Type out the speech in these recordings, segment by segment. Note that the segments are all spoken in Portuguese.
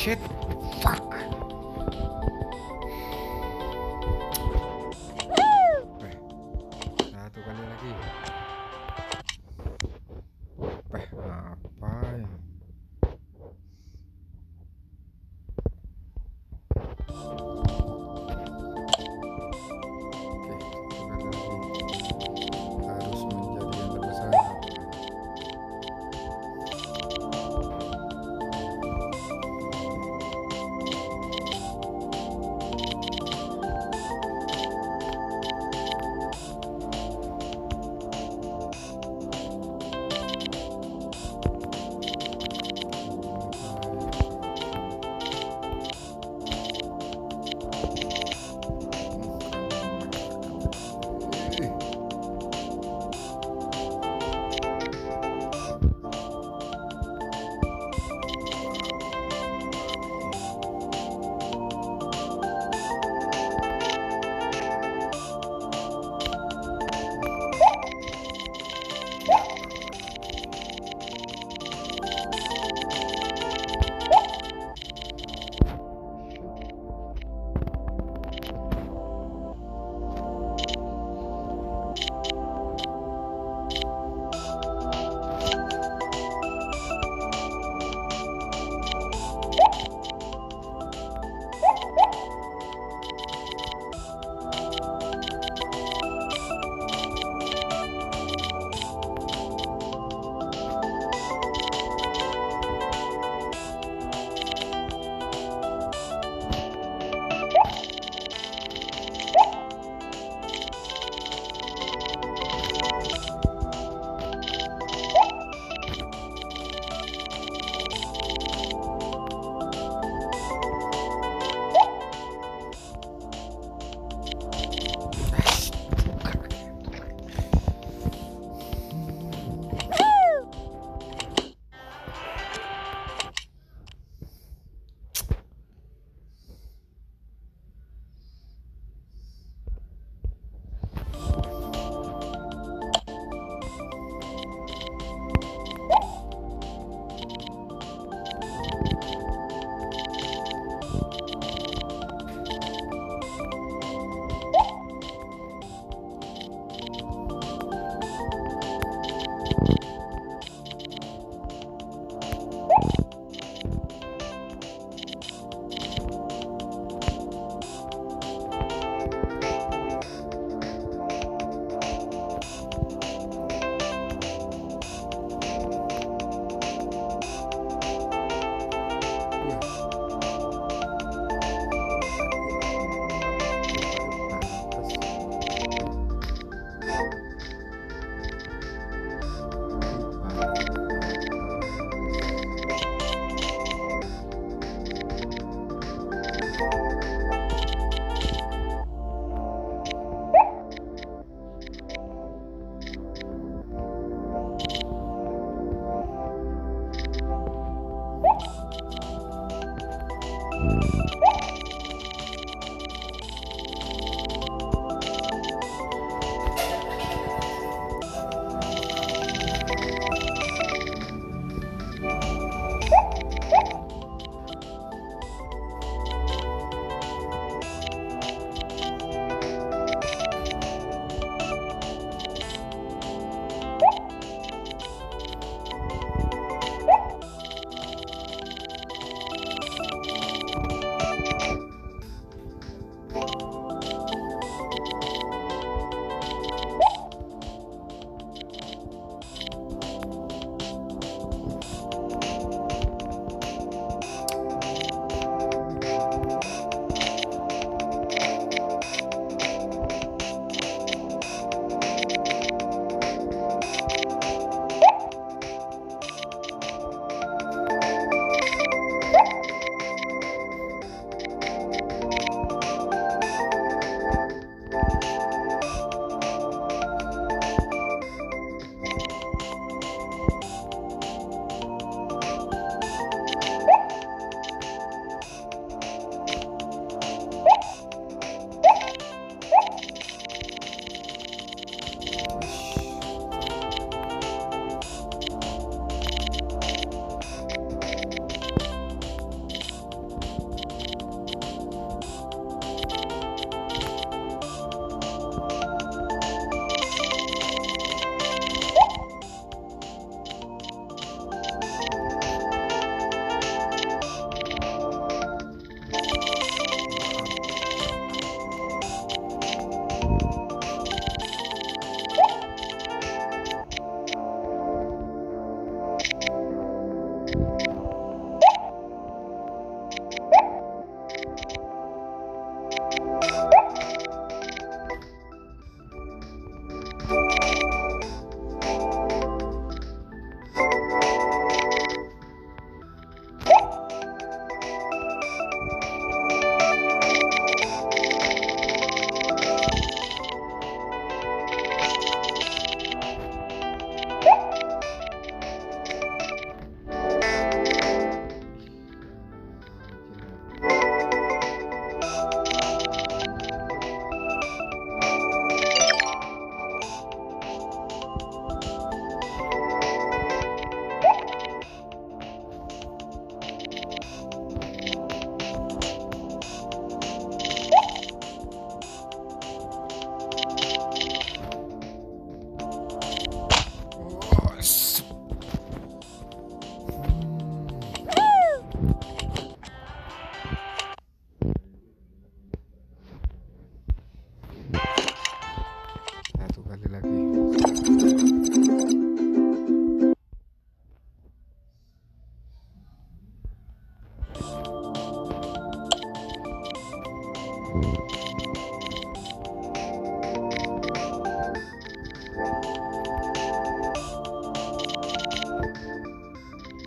shit.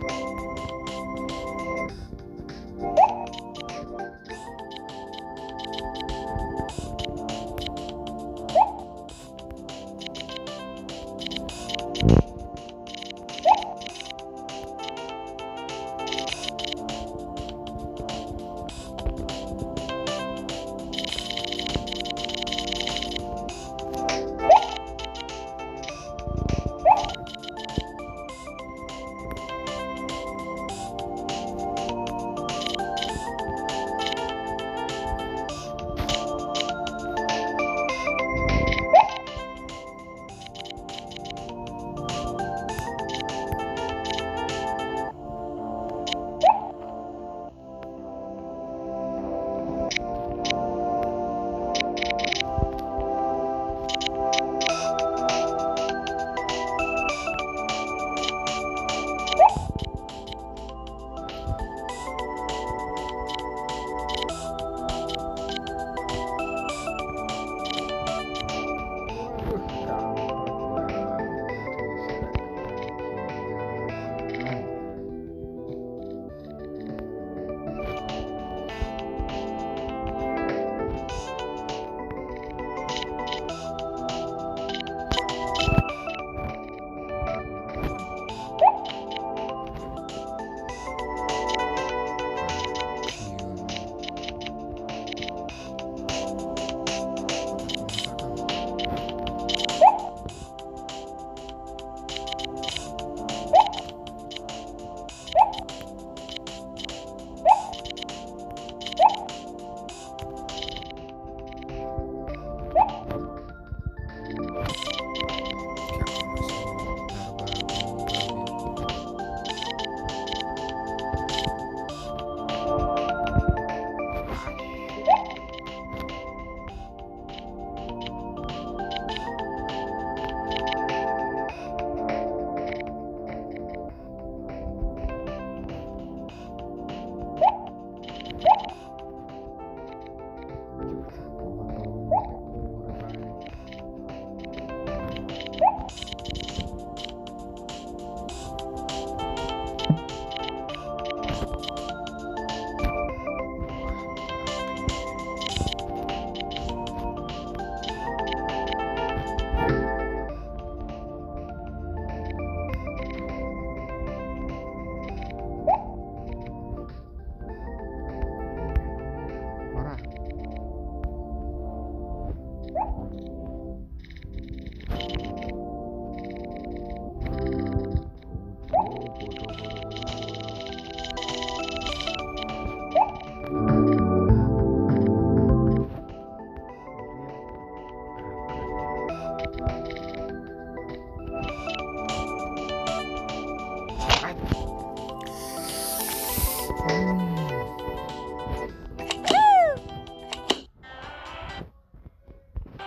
Thank you.